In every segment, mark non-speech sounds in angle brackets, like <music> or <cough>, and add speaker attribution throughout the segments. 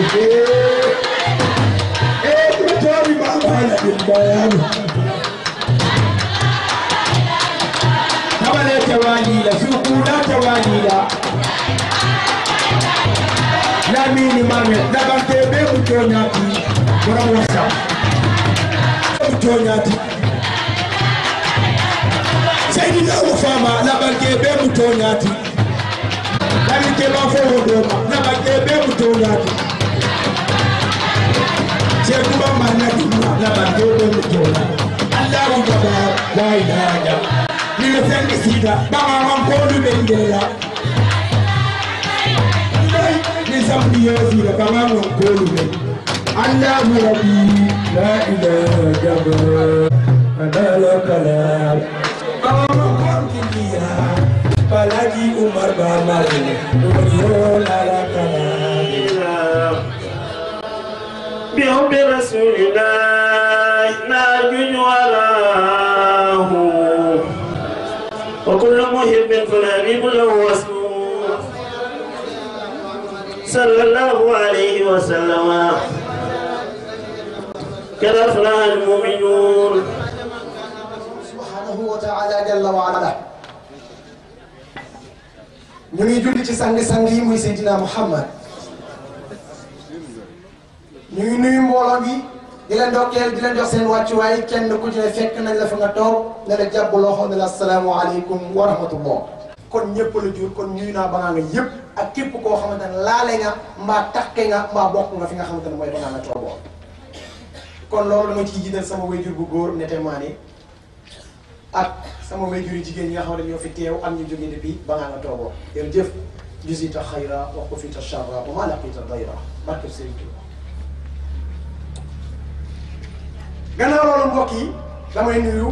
Speaker 1: yake eh tori ba ba na bin bayan kamar ta wani da su na te be ku to nya ti bora wasa ku to nya ti sai na ban ke be ku to nya ti dan na ban ke be ku sai kuma manadi labarke don jona allahu gaba la ilaha illa ni san isida ba ma man ko du ben gela ni san biyo sida ba ma man ko du ben allahu rabbi la ilaha illa adala kalam ba ma man ko du ben gela baladi umar ba ma ni yo la la نؤمن برسول الله نرجو وراه وكل محب فنبيب له اسمه صلى الله عليه وسلم قد أفلح المؤمنون سبحانه وتعالى جل وعلا ñu ngi julli ci sang sang yi muy Seydina Muhammad ñu ngi nuyu mbooloo bi di leen dokkeel di leen jox seen wàccuwaay kenn ku ci ne fekk nañ la fi nga toog ne la jàpp loxo ne la asalaamaaleykum wa rahmatullah kon ñëpp la jur kon nuyu naa banaa nga yëpp ak képp koo xamante ne laale nga mbaa takke nga mbaa bokk nga fi nga xamante ne mooy banaa nga toogoo kon loolu dama ciy jiital sama wayjur bu góor ne témoigné ak sama wayjur yu jigéen ñi nga xam ne ñoo fi teew am ñu jóge depuis banaa nga toogoo jërëjëf jusita xayra wa qufita charra wa ma laqita dayra barke Sëriñ Tuubaa gannaaw loolu mbokk yi damay nuyu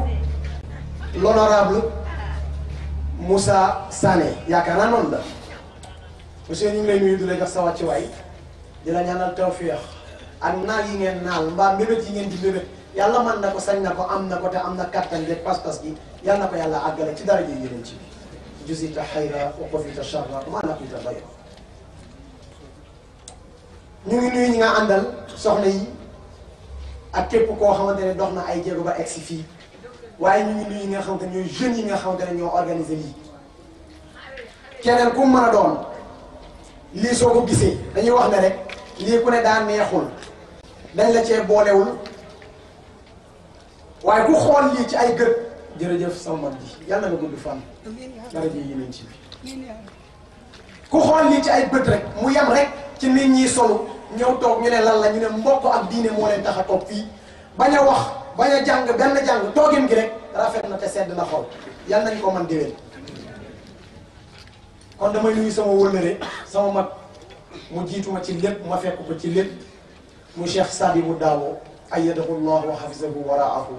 Speaker 1: l'honorable Moussa Sané yaakaar naa noonu la monsieur ñu ngi lay nuyu di la jox sa wàccuwaay di la ñaanal tawféex ak naal yi ngeen naal mbaa mbébét yi ngeen di mbébét yàlla mën na ko sañ na ko am na ko te am na kattan yeeg pas-pas gi yàlla na ko yàlla àggale ci dara ji yeneen ci jusita xayra wa qofita charra wa na bayra ñu ngi nuyu ñi nga àndal soxna yi ak képp koo xamante ne dox na ay jéego ba egsi fii waaye ñu ngi nuyu ñi nga xamante ne ñooy jeunes yi nga xamante ne ñoo organisé lii keneen ku mën a doon lii soo ko gisee dañuy wax ne rek lii ku ne daa neexul dañ la cee boolewul waaye ku xool lii ci ay gët jërëjëf sama mag ji yàlla na gudd fan dara ji yeneen ci bi ku xool lii ci ay bët rek mu yem rek ci nit ñi solo ñëw toog ñu ne lan la ñu ne mbokk ak diine moo tax a toog fii bañ a wax bañ a jàng benn jàng toogin gi rek rafet na ca sedd na xol yal nañ ko man déwén. kon damay nuyu sama wëllëre sama mag mu jiitu ma ci lépp ma fekk ko ci lépp mu Cheikh Sadibou Daawo ayyadahu llah wa hafizahu waraahu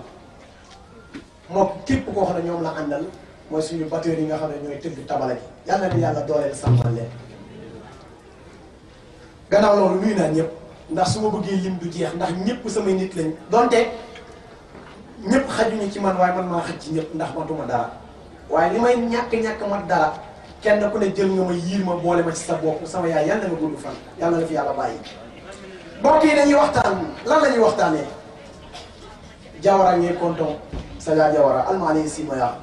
Speaker 1: moom képp koo wax na ñoom la àndal mooy suñu batteur yi nga xam ne ñooy tëgg tabala bi yal na ni yàlla dooleel sàmmal gannaaw loolu nuyu naa ñëpp ndax su ma bëggee yim du jeex ndax ñëpp samay nit lañ donte ñëpp xajuñu ci man waaye man maa xaj ci ñëpp ndax matuma dara waaye li may ñàkk-ñàkk mat dara kenn ku ne jël nga ma yiir ma boole ma ci sa bopp sama yaay yàlla na gudd fan yàlla na fi yàlla bàyyi mbokk yi dañuy waxtaan lan la waxtaanee jawara ngay konton sa yaa jawara almaane sima yaa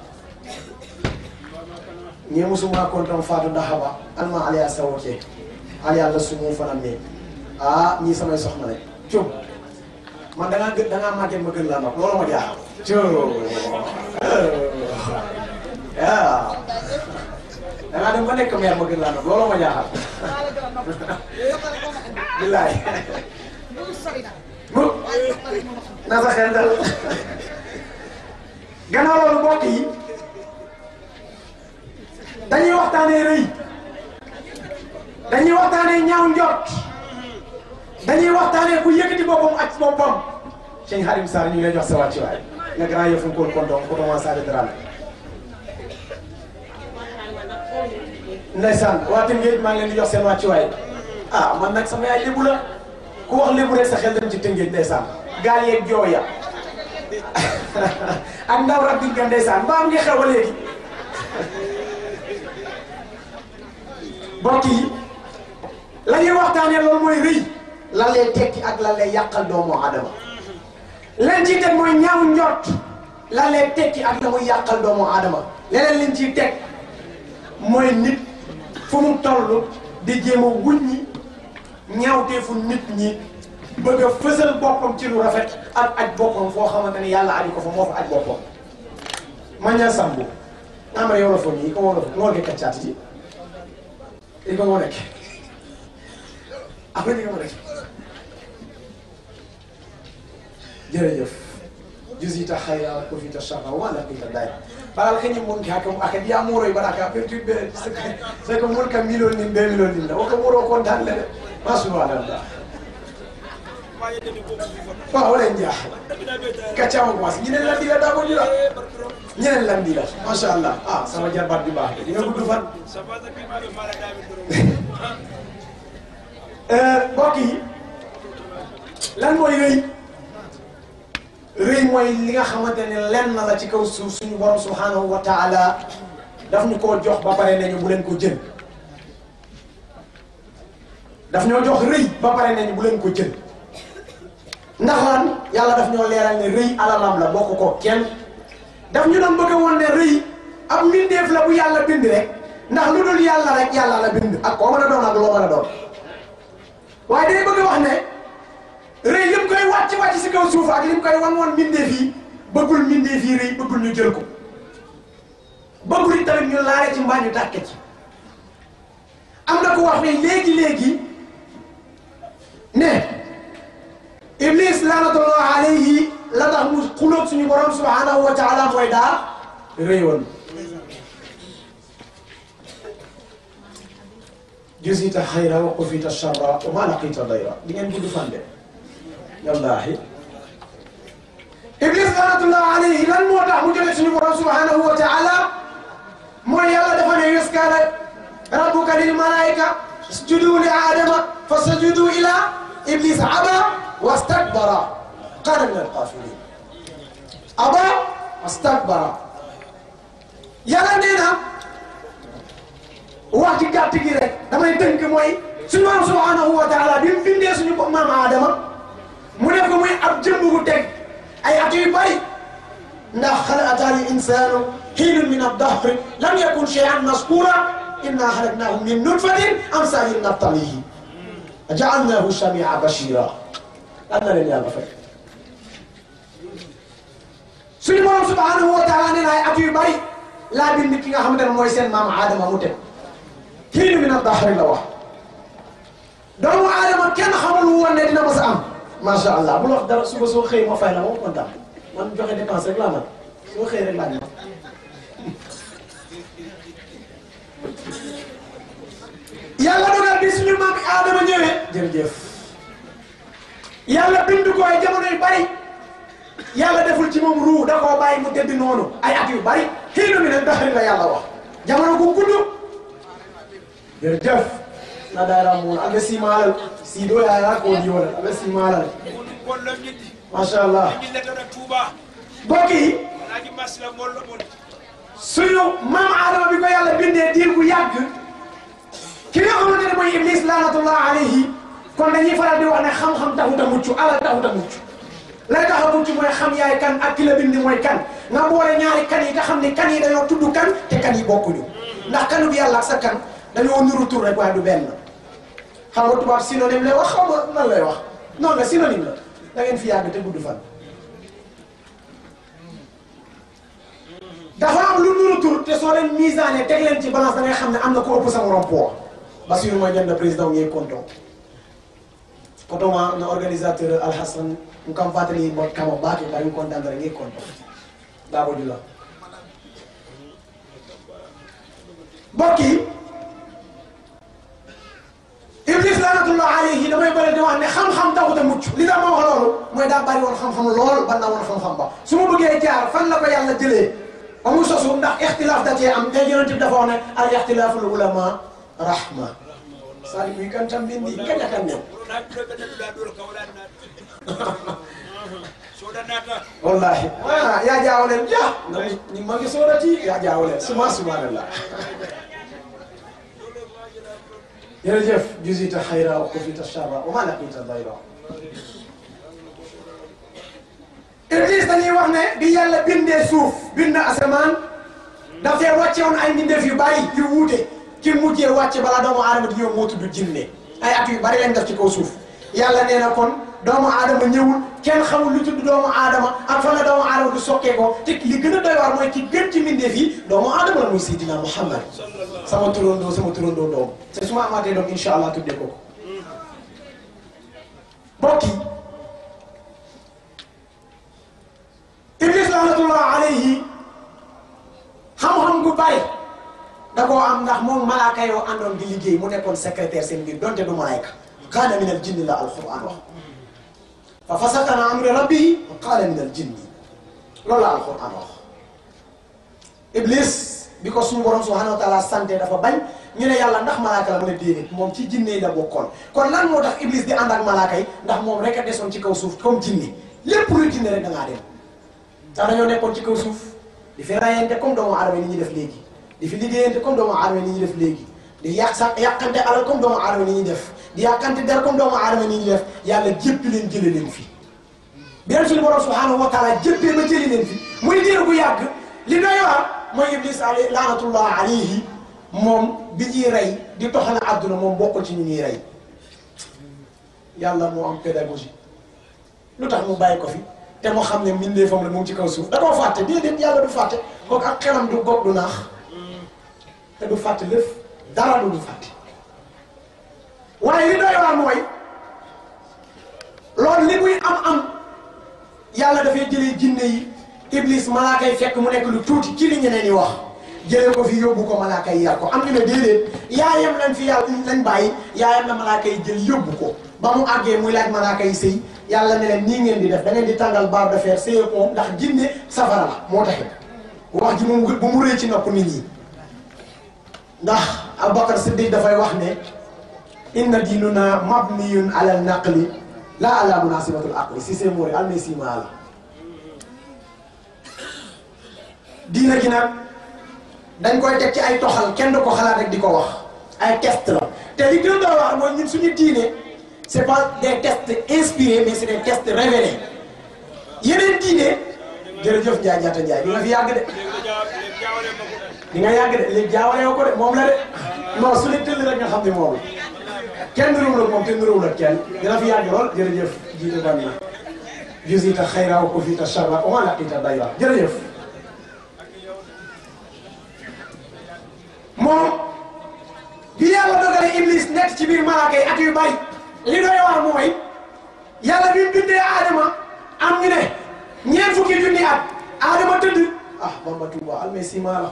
Speaker 1: ñee musuma konton faatu daxaba alma aliya sa wote ak ah yàlla suñu fanaan mee ah ñii samay soxna rek cóo man dangaa gën dangaa màggee ma gën laa mag loolu ma jaaxal cóo ah <laughs> dangaa dem ba nekk meer ma gën laa mag loolu ma jaaxal <laughs> billaay bu <laughs> na sa xel dal gannaaw loolu mbokk yi dañuy waxtaanee dañuy waxtaanee ñaaw njort dañuy waxtaanee ku yëkkati boppam ak boppam sëñ Xarim Sarr ñu ngi lay jox sa wàccuwaay nga grand yëfu Koul Kontong ko commencé ak Dramé. Ndeysaan waa Tëngéej maa ngi leen di jox seen wàccuwaay ah man nag sama yaay lébu la ku wax lébu rek sa xel dem ci Tëngéej Ndeysaan gaal yeeg joow ya <laughs> ak ndaw rab bi nga Ndeysaan mbaa am nga a léegi mbokk yi. la ñuy waxtaanee loolu mooy rii lan lay tekki ak lan lay yàqal doomu aadama leen ciy teg mooy ñaaw njort lan tekki ak la muy yàqal doomu aadama leneen leen ci teg mooy nit fu mu toll di jéem a ñaaw defu nit ñi bëgg a fësal boppam ci lu rafet ak aj boppam foo xamante ni yàlla aju ko fa moo fa aj boppam maña sambu amara yow la fo nii ko wolof moo nekk càtt ji i ko moo nekk après ñu ngi mën a def jërëjëf juzita khayra kufita sharra wa laqita daira baral ka ñin mun ki di aka diya muro ibara ka pertu be sai ka mulka miliyon nin be miliyon nin da waka ko dan le ma subhanallah fa wala nja ka chawo mas ñine la dira da ko dira ñene la dira ma sha Allah ah sama jarbat bi baax dina gudd Euh, mbokk yi lan mooy rëy rëy mooy li nga xamante ne lenn la ci kaw suuf suñu borom subhanahu wa taala daf ñu koo jox ba pare nañu bu leen ko jël daf ñoo jox rëy ba pare nañu bu leen ko jël ndax lan yàlla daf ñoo leeral ne rëy alalam la bokk ko kenn daf ñu doon bëgg a woon ne rëy ab mbindeef la bu yàlla bind rek ndax lu dul yàlla rek yàlla la bind ak koo mën a doon ak loo doon waaye day bëgg wax ne rëy lim koy wàcc wàcc si kaw suuf ak lim koy wan wan mbindeef yi bëggul mbindeef yi rëy bëggul ñu jël ko bëggul tamit ñu laare ci mbaa am na ko wax ne léegi léegi ne iblis laanatullah alayhi la tax mu xulóog suñu borom subhanahu wa taala mooy daa rëy woon jësita xayra wa qufita charra wa ma laqiita dayra di ngeen gudd fan de wallaahi iblis laanatullah alayhi lan moo tax mu jóge suñu borom subhanahu wa taala mooy yàlla dafa ne yaskala rabbuka lil malaika isjudu li aadama fa sajudu ila iblis aba wastakbara kana min alqafirin aba wastakbara wax ci gàtt gi rek damay tënk mooy suñu borom subhanahu wa taala bi mu bindee suñu ko maam Adama mu ne ko ab jëmb bu teg ay at yu bari ndax xal ataani insaanu xiinun min ad-dahri lam yakun shay'an inna xalaqnaahu min nutfatin am na leen yàlla fay suñu borom subhanahu wa taala nee na ay at yu bari Adama mu teg tiinu min al baxri la wax doomu aadama kenn xamul woon ne dina mas a am allah bu la dara suba soo xëy ma fay la moom kontaan man joxe dépense rek laa man soo xëy rek laa man yàlla dogal bi suñu maam aadama ñëwee jërëjëf yàlla bindu ko ay jamono yu bari yàlla deful ci moom ruu da koo bàyyi mu tëdd noonu ay at yu bari tiinu min al baxri la yàlla wax jamono gu gudd jërëjëf nadara moon a mbesimalal sido yaya ko diwolal a mbesimalal machallah bokki suñu maam adama bi ko yàlla bindee diir bu yàgg ki nga xamante ne mooy iblis laanatullah alayhi kon dañuy faral di wax ne xam-xam taxut a mucc alal taxut a mucc lay tax a mucc mooy xam yaay kan ak ki la bind mooy kan nga boole ñaari kan yi nga xam ne kan yi dañoo tudd kan te kan yi bokkuñu ndax kanu bi yàlla ak sa kan dañoo nuru tur rek waaye du benn xam nga tubaab synonyme lay wax xaw ma nan lay wax non la synonyme la da ngeen fi yàgg te gudd fan. dafa am lu nuru tur te soo leen misaane teg leen ci balance da xam ne am na ko ëpp sa morom poids Bassirou mooy jënd président ñooy konton Kotoma na organisateur Alhassan mu kam fàttali mot kama baatu ba ñu kontaan rek ñooy konton Babou Dula laanatullah alayhi damay bëri di wax ne xam-xam taxut a mucc li tax ma wax loolu mooy daa bëri woon xam-xam lool ba na woon xam-xam ba su ma bëggee jaar fan la ko yàlla jëlee ba mu sosu ndax ixtilaaf da cee am te yonent bi dafa wax ne al ixtilaafu l ulama rahma sali muy kan tam min di kañ akan new wallahi ah, yaa jaawleen ja ni ma ngi soorati yaa jaawleen suma suma la jërëjëf juzita xayra wa kufita charra wa ma laqita dayra Iblis dañuy wax ne bi yàlla bindee suuf bind asamaan dafee wàcce woon ay mbindeef yu bari yu wuute ki mujjee wàcce balaa doomu aadama di ñëw moo tudd jinne ay at yu bari lañ def ci kaw suuf yàlla nee kon doomu aadama ñëwul kenn xamul lu tudd doomu aadama ak fan la doomu aadama du sokkee ko te li gën a doy waar mooy ki gën ci mbindeef yi doomu aadama la muy Seydina Muhammad sama turandoo sama turandoo doom te su ma amaatee doom incha tuddee ko ko mbokk yi Iblis laanatullah alayhi xam-xam gu bari da koo am ndax moom malaaka yoo àndoon di liggéey mu nekkoon secrétaire seen biir donte du malaayka kaana min al la alquran wax fa fasaka an amri rabbihi wa qaala min al jinni loolu la alxuraan wax iblis bi ko suñu borom subhanahu wa taala santé dafa bañ ñu ne yàlla ndax malaaka la mu ne déedéet moom ci jinne yi la bokkoon kon lan moo tax iblis di ànd ak malaaka yi ndax moom rek a desoon ci kaw suuf comme jinne lépp lu jinne rek da ngaa dem ndax dañoo nekkoon ci kaw suuf di fi rayante comme doomu aadama ni ñuy def léegi di fi liggéeyante comme doomu aadama ni ñu def léegi di yàq sa yàqante alal comme doomu aadama ñuy def di yàqante der comme doomu aadama nii ñu def yàlla jéppi leen jëlee leen fi. beneen suñu borom subhanahu wa taala jëppee ma jëli leen fi muy diir bu yàgg li doy waar mooy moom bi ñuy rey di toxal àdduna moom ko ci ñu ñuy rey yàlla moo am pédagogie lu tax mu bàyyi ko fi te mu xam ne mbindeefam la mu ngi ci kaw suuf da koo fàtte déedéet yàlla du fàtte kooku ak xelam du goog du naax te du fàtte lépp dara du du fàtte waaye li doy waar mooy loolu li muy am am yàlla dafay jëlee jinne yi iblis malaaka kay fekk mu nekk lu tuuti ci li ñeneen yi wax jëlee ko fi yóbbu ko malaaka kay yar ko am ni ne déedéet yaayam lañ fi yàlla lañ bàyyi yaayam la malaaka yi jël yóbbu ko ba mu àggee muy laaj malaaka yi sëy yàlla ne leen nii ngeen di def da di tàngal barre de fer sëye ko ndax jinne safara la moo taxit wax ji moom bu mu rëy ci nopp nit ñi ndax Abubakar Siddiq dafay wax n inna diinuna mabniyun ala naqli la ala munasibatul aqli si seen moore al si maal diina gi dañ koy teg ci ay toxal kenn du ko xalaat rek di ko wax ay test la te li gën a wax mooy ñun suñu diine c'est pas des tests inspirés mais c'est des tests révélés yeneen diine jërëjëf Ndiaye ñaata Ndiaye ñu la fi yàgg de. di nga yàgg de léegi jaawale ko de moom la de non su tëll rek nga xam ne moom la. kenn niruwul ak moom te niruwul ak kenn dina fi yàgg lool jërëjëf jiite dam na jusita xayra wa kufita sharra wa ma laqita dayra jërëjëf moom bi yàlla dogalee iblis nekk ci biir malaaka yi at yu bay li doy waar mooy yàlla bi mu am ñu ne ñeent fukki junni at aadama tëdd ah bamba tuuba almay sima la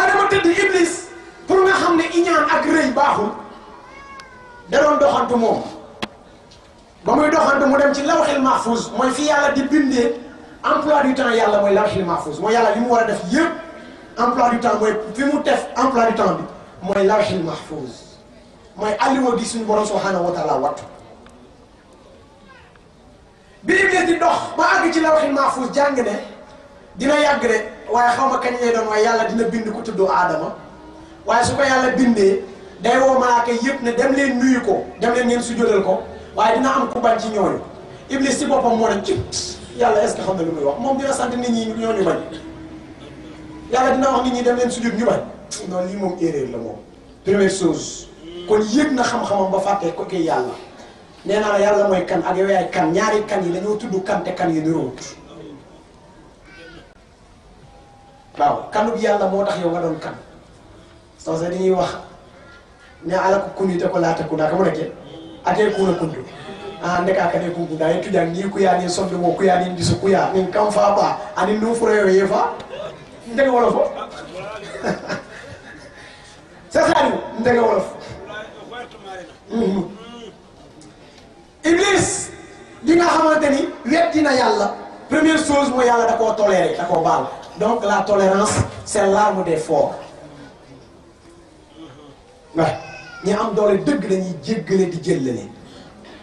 Speaker 1: aadama tëdd iblis pour nga xam ne iñaan ak rëy baaxul da doon doxantu moom ba muy doxantu mu dem ci lawxil mahfuz mooy fi yàlla di bindee emploi du temps yàlla mooy lawxil mahfuz mooy yàlla li mu war a def yëpp emploi mu def emploi du temps bi mooy lawxil mahfuz mooy alliwa gi suñu borom subhanahu wa taala wattu bi Iblis di dox ba àgg ci lawxil mahfuz jàng ne dina yàgg de waaye xaw ma kañ lay doon waaye yàlla dina bind ku tuddoo Aadama waaye su ko yàlla bindee day woo malaaka yëpp ne dem leen nuyu ko dem leen ngeen sujjóotal ko waaye dina am ku bañ ci ñooñu iblis ci boppam moo ne ci yàlla est-ce xam na lu muy wax moom dina sant nit ñi ñooñu bañ yàlla dina wax nit ñi dem leen sujjóot ñu bañ non lii moom erreur la moom première chose kon yëg na xam-xamam ba fàtte ko kay yàlla nee naa la yàlla mooy kan ak yow kan ñaari kan yi dañoo tudd kan te kan yi niroowut waaw kanub yàlla moo tax yow nga doon kan sawsa dañuy wax ne ala ko kunnite ko laata kunda kamo nake ate kuna kundu hande ah, ka kane kunkunda ye tujan ni kuyani sondu mo kuyani ndiso kuya nin kam fa ba ani nu furayo ye fa ndege wolof o <laughs> sasani ndege wolof <laughs> iblis li nga xamante ni weddi na yàlla première chose mooy yàlla da koo toléré da koo baal donc la tolérance c'est l'arme de forts waaw ñi am doole dëgg dañuy jéggale di jëllale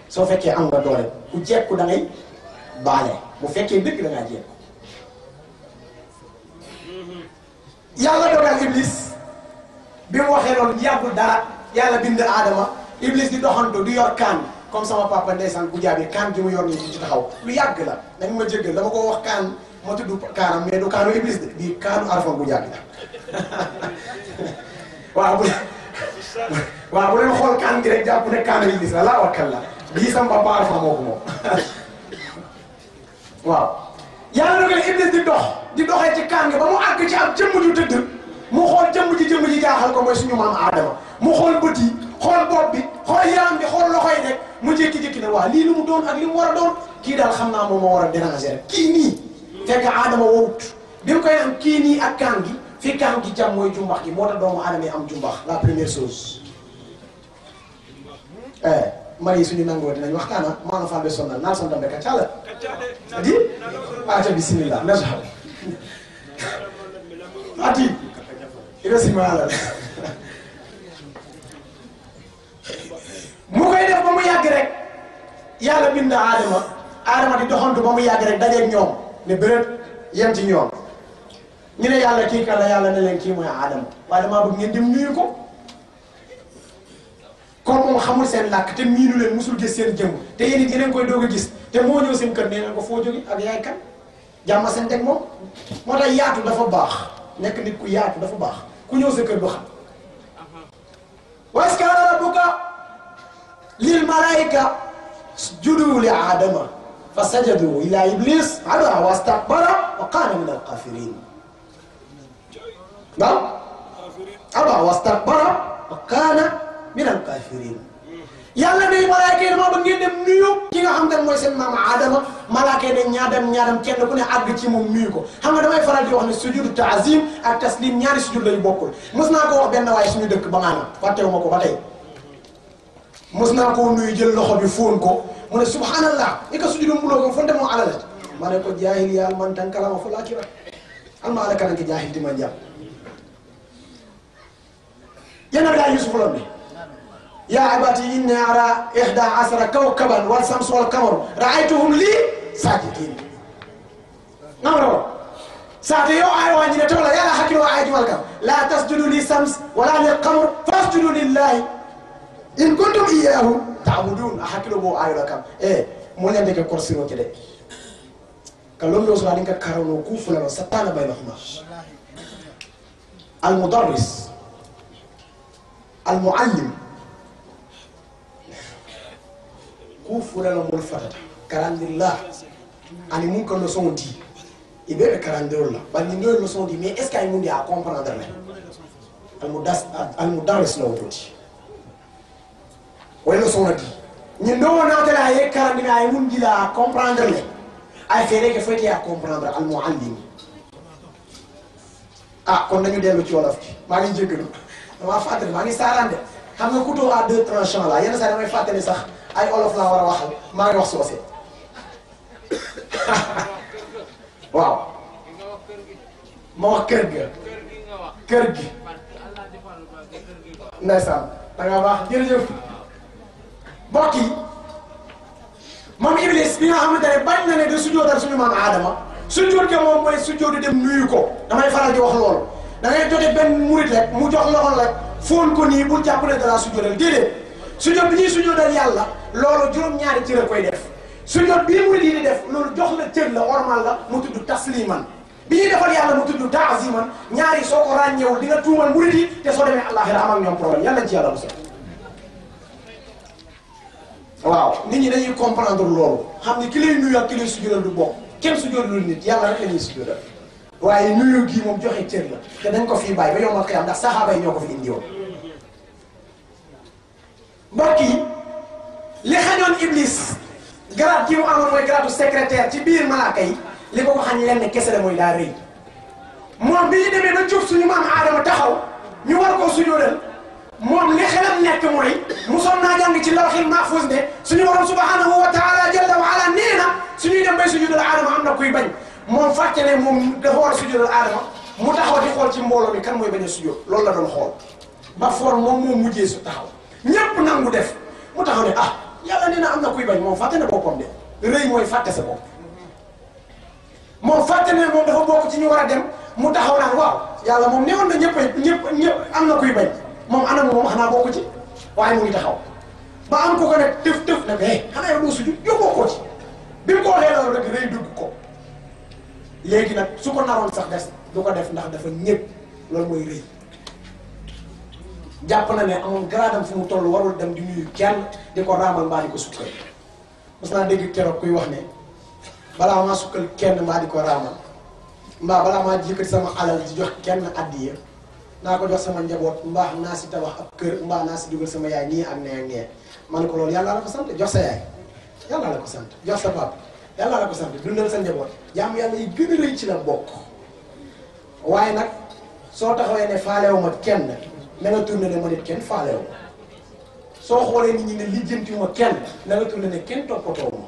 Speaker 1: soo fekkee am nga doole ku jekku da baale bu fekkee dëgg da jekku yàlla dogal iblis bi mu waxee loolu yàggul dara yàlla bind aadama iblis di doxantu di yor kaan comme sama papa ndeysaan bu jaabee kaan gi mu yor nii taxaw lu yàgg la dañ ma jéggal wax kaan ma tudd kaanam mais du kaanu iblis de di kaanu arfan bu jaabee <laughs> waaw bu leen xool kaan gi rek jàpp ne kaan la laa wakkal la bii sam ba baar fa moo ko moom <laughs> waaw yàlla dogal iblis di dox di doxee ci kaan ba mu àgg ci ab jëmm ju tëdd mu xool jëmm ji jëmm ji jaaxal ko mooy suñu maam aadama mu xool bët yi xool bopp bi xool yaram bi xool loxo yi rek mu jékki-jékki ne waa lii lu mu doon ak li mu war a doon kii daal xam naa moom moo war a déranger rek kii nii fekk aadama wowut bi mu koy kii nii ak kaan gi fi kaam gi jàmm mooy jumbax gi moo tax doomu aadama yi am jumbax la première chose eh, mari suñu nangoo dinañ waxtaana maana faambe sonnal naal santambe kaccala di aca bisimilla naja ati irasimaala mu koy def ba mu yàgg rek yàlla bind aadama aadama di doxantu ba mu yàgg rek dajeeg ñoom ne bërët yem ci ñoom ñu ne yàlla kii kan la yàlla ne leen kii mooy Adama waaye damaa bëgg ngeen dem nuyu ko kon moom xamul seen làkk te miinu leen musul gis seen jëmm te yéen it koy doog a gis te moo ñëw seen kër nee na ko foo jóge ak yaay kan jàmm seen teg moom moo tax yaatu dafa baax nekk nit ku yaatu dafa baax ku ñëw sa kër du xam waskaala rabbuka lil malaayika sujudu li aadama fa sajadu ila iblis aba wastakbara wa kaana min alkafirin نعم أبا واستكبر وكان من الكافرين yàlla i malaaka yi dama bëgg ngeen dem nuyu ki nga xam te ne mooy seen maam Adama malaaka yi ne ñaadam ñaadam kenn ku ne àgg ci moom nuyu ko xam nga damay faral di wax ne sujud taazim ak taslim ñaari sujud lañu bokkul mës naa ko wax benn waaye suñu dëkk ba ko ba tey mës naa koo nuyu jël loxo bi fóon ko mu ne subhanallah ni ko sujudu mbuloo ko fonte moo alala ma ne ko jaahil yaa man tan kalama fa laakira alma ينبغي يوسف لمي يا أبتي إني أرى إحدى عشر كوكبا والشمس والقمر رأيتهم لي ساجدين نمرو ساعتي يو آي وانجي نتولا يا حكي وآي جوالك لا تسجدوا للشمس ولا للقمر فاسجدوا لله إن كنتم إياه تعبدون أحكي له بو آي لكم إيه مولي عندك كرسي وكده كلهم يوصلوا عليك كارونو كوفلا وستانا بينهما المدرس al muallim ku fulana mol fatata karandirla ani mun ka leçon di i ɓe ɓe karandirol la bari nin ɗoye leçon di mais est ce que ay mun a comprendre le almudaris no toti woy leçon na di ñin ɗo wonatele a ye karandime ay mun dila a comprendre le ay feereke foyte a comprendre almuallim ah kon nañu dellu ci wolof ci maa ngi jéggalu damaa fàttali maa ngi saaraan de xam nga couteau à deux tranchants la yenn saa damay fàttali sax ay olof laa war a waxal maa ngi wax soose <laughs> waaw ma wax kër ga kër gi ndeysaan da nga baax jërëjëf mbokk yi moom iblis bi nga xamante ne bañ na ne de sujjóotal suñu maam Adama sujjóot ga moom mooy sujjóot di dem nuyu ko damay faral di wax loolu da ngay jote benn murit rek mu jox loxo rek fóon ko nii bul jàpp ne dara sujjóotal déedéet sujjóot bi ñuy sujjóotal yàlla loolu juróom-ñaari cër a koy def sujjóot bii murit yi di def loolu jox la cër la ormal la mu tudd tasliman bi ñuy defal yàlla mu tudd taaziman ñaari soo ko ràññeewul di nga tuumal murit yi te soo demee àllaaxira am ak ñoom problème yàlla nañ ci yàlla musal waaw nit ñi dañuy comprendre loolu xam ne ki lay nuyu ak ki lay kenn sujjóotalul nit yàlla rek waaye nuyu gii moom joxe cër la te dañ ko fii bàyyi ba yombal xiyam ndax saxaaba yi ñoo ko fi indi woon mbokk yi li xañoon iblis garaat gi mu amoon mooy garaatu secrétaire ci biir malaaka yi li ko ko xañ lenn kese la mooy daa rëy moom bi ñu demee ba jub suñu maam aadama taxaw ñu war koo sujoodal moom li xelam nekk mooy musoon naa jàng ci lawxil mahfuz ne suñu borom subhanahu wa taala jalla wa ala nee na suñuy dem bay sujoodal aadama am na kuy bañ moom fàtte ne moom dafa war a sujjóotal mu taxaw di xool ci mbooloo bi kan mooy bañ a sujjóot loolu la doon xool ba for moom moo mujjee su taxaw ñépp nangu def mu taxaw ne ah yàlla nee na am na kuy bañ moom fàtte ne boppam de rëy mooy fàtte sa bopp moom fàtte ne moom dafa ci ñu war a dem mu taxaw naan waaw yàlla moom newoon na ñëpp ñëpp ñëpp am na kuy bañ moom anam moom xanaa bokku ci waaye mu ngi taxaw ba am ko ko nag tëf tëf na mais eh, xanaa yow doo sujjóot yow bokkoo ci bi mu ko waxee loolu rek rëy dugg ko léegi nag su ko naroon sax des du ko def ndax dafa ñëpp loolu mooy rëy jàpp na ne amoon garaadam fu mu toll warul dem di nuyu kenn di ko raamal mbaa ko sukkal mas naa dégg keroog kuy wax ne balaa maa sukkal kenn di ko raamal mbaa balaa maa yëkkati sama alal di jox kenn addiya naa ko jox sama njaboot mbaa naa si tabax ak kër mbaa naa si dugal sama yaay nii ak nee ak man ko loolu yàlla la ko sant jox sa yaay yàlla la ko sant jox sa papa yàlla la ko sant dundal sa njaboot jàmm yàlla yi gën a rëy ci la bokk waaye nag soo taxawee ne faalewu ma kenn na nga tourné ne ma nit kenn faalewu soo xoolee nit ñi ne lijjanti ma kenn na nga ne kenn toppatoo ma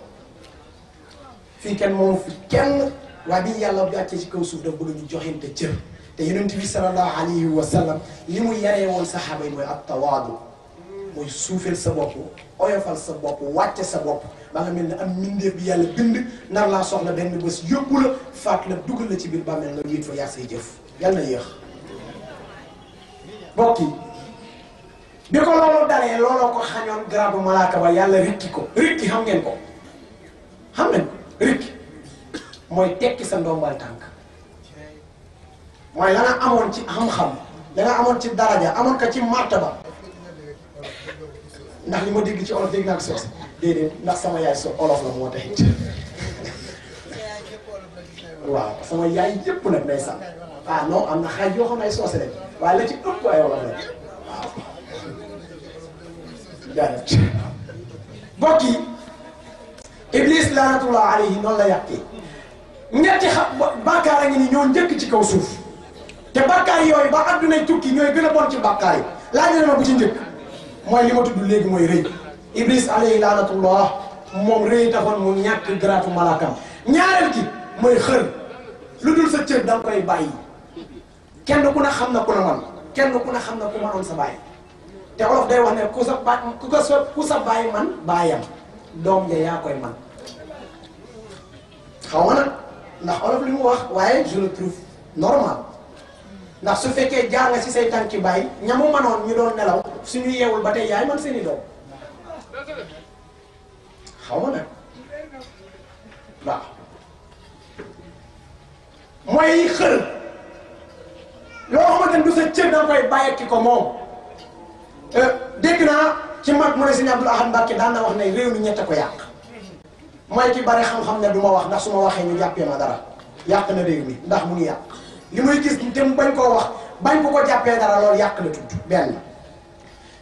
Speaker 1: fii kenn moom fi kenn waaye bi yàlla wàccee ci kaw suuf daf bëgg ñu joxente cër te yonent bi sallallahu alayhi wa sallam li mu yaree woon saxaaba yi mooy at tawaadu mooy suufeel sa bopp oyofal sa bopp wàcce sa bopp ba nga mel ne am mbindeef bi yàlla bind nar laa soxla benn bés yóbbu la faat la dugal la ci biir bàmmeel nga wiit fa yaa say jëf yàlla na yéex bokki bi ko loolu dalee looloo ko xañoon garabu malaaka ba yàlla rikki ko rikki xam ngeen ko xam ngeen ko rikki mooy tekki sa ndombal tànk mooy la nga amoon ci xam-xam la amoon ci daraja amoon ko ci martaba ndax li ma dégg ci olof dégg so olof la moo taxit waaw sama yaay yëpp nag day sàmm ah non am na xaaj yoo xam ne ay soose lañ waaye la ci ëpp ay olof lañ waaw jaajëf mbokk yi Iblis laanatullah alayhi noonu la xa bàkkaar a ngi ni ñoo njëkk ci kaw suuf te bàkkaar yooyu ba àdduna tukki ñooy gën a bon ci bàkkaar yi laaj na ma bu ci njëkk. mooy li ma tudd léegi mooy rëy iblis alayhi laanatullah moom rëy taxoon mu ñàkk garaatu malaakam ñaareel ki mooy xër lu dul sa cër da koy bàyyi kenn ku ne xam na ku la man kenn ku ne xam na ku mënoon sa bàyyi te olof day wax ne ku sa ba ku sa ku bàyyi man bàyyam doom ja yaa koy man xaw ma nag ndax olof li mu wax waaye je le normal ndax su fekkee jaar nga ci say tànki bàyyi ñamu manoon ñu doon nelaw suñu yeewul ba tey yaay man seeni doom xaw ma nag waaw mooy xël loo xamante ne du sa cër danga koy bàyyeeki ko moom euh, dégg naa ci mag mu ne Sëñ Abdul Ahad Mbàkke daan wax ne réew mi ñett ko yàq mooy ki bare xam-xam ne duma wax ndax su ma waxee ñu jàppee ma dara yàq na réew mi ndax mu ngi yàq li muy gis te mu bañ koo wax bañ ko ko jàppee dara loolu yàq na tudd ben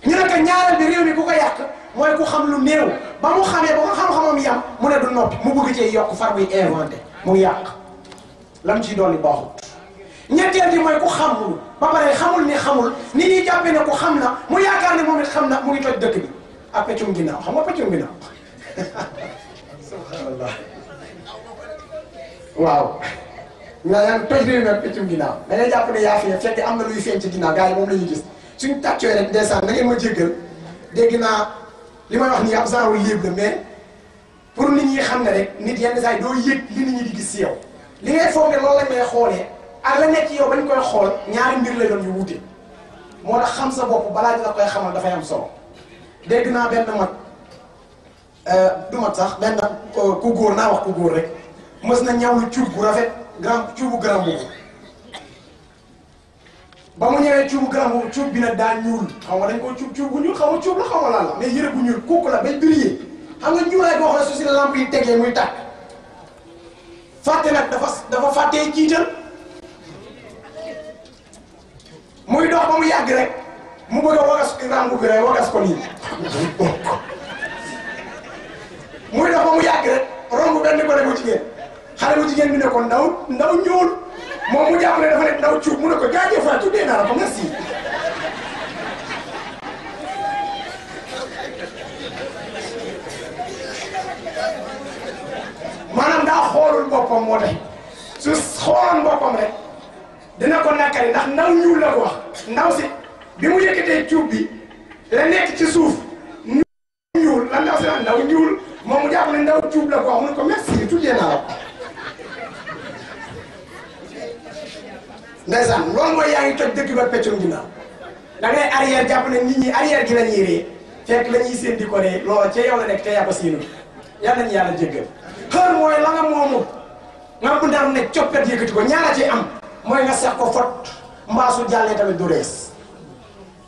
Speaker 1: ñu ne ko ñaareel bi réew mi ku ko yàq mooy ku xam lu néew ba mu xamee ba ko xam-xamam yam mu ne du noppi mu bëgg cee yokk far buy inventé mu yàq lam ciy doon baaxul ñetteel bi mooy ku xamul ba pare xamul ni xamul ni ñuy jàppee na ku xam na mu yaakaar ne moom it xam na mu ngi toj dëkk bi ak peccum ginnaaw xam nga peccum <laughs> nga naan toj réew mi ak peccum ginnaaw da ngay jàpp ne yaa fi fekk am na luy feeñ ci ginnaaw gars yi moom la gis suñu tàccoo rek ndeysaan na ngeen ma jéggal dégg naa li may wax nii ab genre livre la pour nit ñi xam ne rek nit yenn saa yi doo yëg li nit gis si yow li ngay foog ne loolu lañ lay xoolee ak la nekk yow bañ koy xool ñaari mbir la doon yu wuute moo tax xam sa bopp balaa ñu la koy xamal dafay am solo dégg naa benn mag euh, du mat sax benn euh, ku góor naa wax ku góor rek mës na ñaw lu cuub bu rafet grand cuubu grand boobu ba mu ñëwee cuubu grand boobu cuub bi nag daa ñuul xaw ma dañ koo cuub cuub bu ñuul xaw ma cuub la xaw ma lan la mais yëre bu ñuul kooku la bay briller xam nga ñuulaay boo xam ne su si la lampe yi tegee muy tàkk fàtte nag dafa dafa fàttee jiital muy dox ba mu yàgg rek mu bëgg a wagas rambu bi rek wagas ko nii muy dox ba mu yàgg rek romb benn ko ne xale bu jigéen bi ne ko ndaw ndaw ñuul moom mu jàpp ne dafa nekk ndaw cuub mu ne ko jaajëf waay tuddee naa la ko merci. maanaam daa xoolul boppam moo tax su xooloon boppam rek dina ko nàkkari ndax ndaw ñuul la ko wax ndaw si bi mu yëkkatee cuub bi la nekk ci suuf ñuul la ndaw si la ndaw ñuul moom mu jàpp ne ndaw cuub la ko wax mu ne ko merci tuddee naa la ndeysaan loolu mooy yaa ngi toj dëkk ba peccum ginnaaw da ngay arrière jàpp ne nit ñi arrière gi la ñuy ree fekk la ñuy seen di ko ree loolu ca yow la nekk te yaa ko siinul yal nañu yàlla ci am mooy nga sax ko fot mbaasu jàllee tamit du rees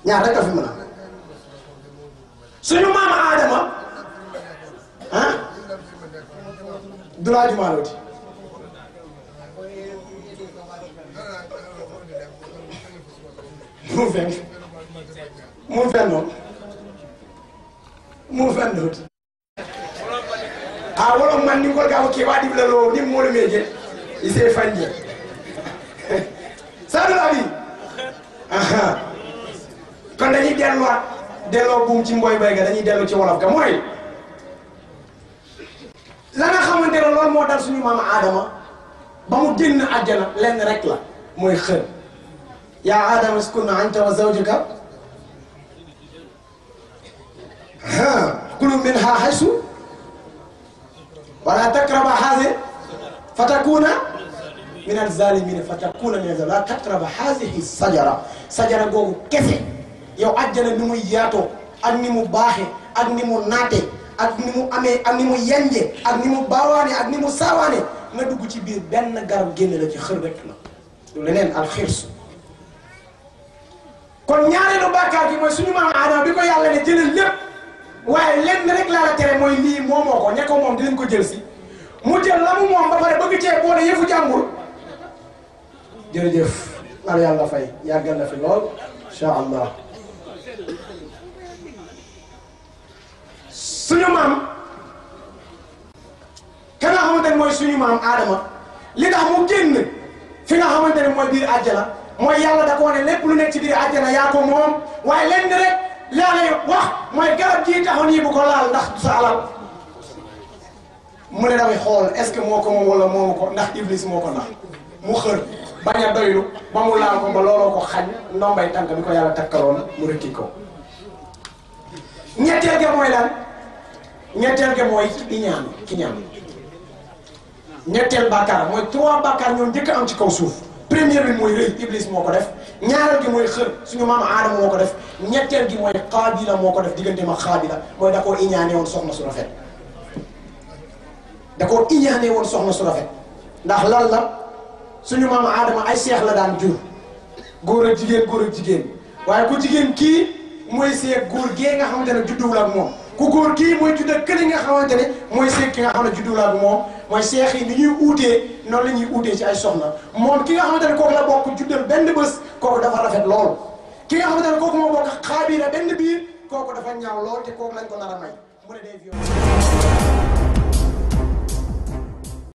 Speaker 1: ñaar rek fi mën a suñu maama Adama ah du laa jumaalooti moving, move on, move on. a ah, wala man ni ngol gawa ke wadi bila lo ni mole meje ise fanje sadu abi aha kon dañuy delluwaat delloo buum ci mboy bay ga dañuy dellu ci wolof ga mooy la nga xamante ne loolu moo dal suñu maam Aadama ba mu génn àjjana lenn rek la mooy xër يا آدم اسكن أنت وزوجك ها ka منها حيث ولا تقرب هذه فتكون من الظالمين فتكون من الظالمين لا تقرب هذه الشجرة شجرة googu kese yow àjjana ni muy yaatoo ak ni mu baaxe ak ni mu naate ak ni mu amee ak ni mu yanje ak ni mu baawaane ak ni mu saawaane nga dugg ci biir benn garab génne la ci xër rek la lu leneen kon ñaareelu bàkkaar gi mooy suñu maam Adama bi ko yàlla ne jëlal lépp waaye lenn rek laa tere mooy lii moomoo ko ña moom dinañ ko jël si mu jël la mu moom ba pare bëgg cee boole yëfu jàmbur jërëjëf al yàlla fay yàggal na fi lool incha allah suñu maam ka nga xamante ne suñu maam Adama li tax mu génn fi nga xamante ne mooy biir àjjala mooy yàlla da koo ne lépp lu nekk ci biir àjjana yaa ko moom waaye lenn rek laa lay wax mooy garab gii taxaw nii bu ko laal ndax du mu ne damay xool est ce que moo ko moom wala moomu ko ndax iblis moo ko ndax mu xër bañ a doylu ba mu laal ko ba ko xañ ndombay tànk bi ko yàlla takkaloon mu rëkki ko ñetteel ga mooy lan ñetteel ga mooy ki ñaan ki ñaan ñetteel bàkkaar mooy trois bàkkaar ñoo njëkk am ci kaw suuf première bi mooy rëy iblis moo ko def ñaareel gi mooy xër suñu maam aadama moo ko def ñetteel gi mooy xaabila moo ko def diggante ma xaabila mooy da koo iñaane woon soxna su rafet da koo iñaane woon soxna su rafet ndax lal la suñu maam aadama ay seex la daan jur góor ak jigéen góor ak jigéen waaye ku jigéen kii mooy seeg góor gee nga xamante ne judduwul ak moom ku góor kii mooy judd ak këli nga xamante ne mooy seeg ki nga xam ne judduwul ak moom mooy seex yi ni ñuy uutee noonu la ñuy uutee ci ay soxna moom ki nga xamante ne kooku la bokk juddal benn bés kooku dafa rafet lool ki nga xamante ne kooku moo bokk a benn biir kooku dafa ñaaw lool te kooku lañ ko nar a may mu ne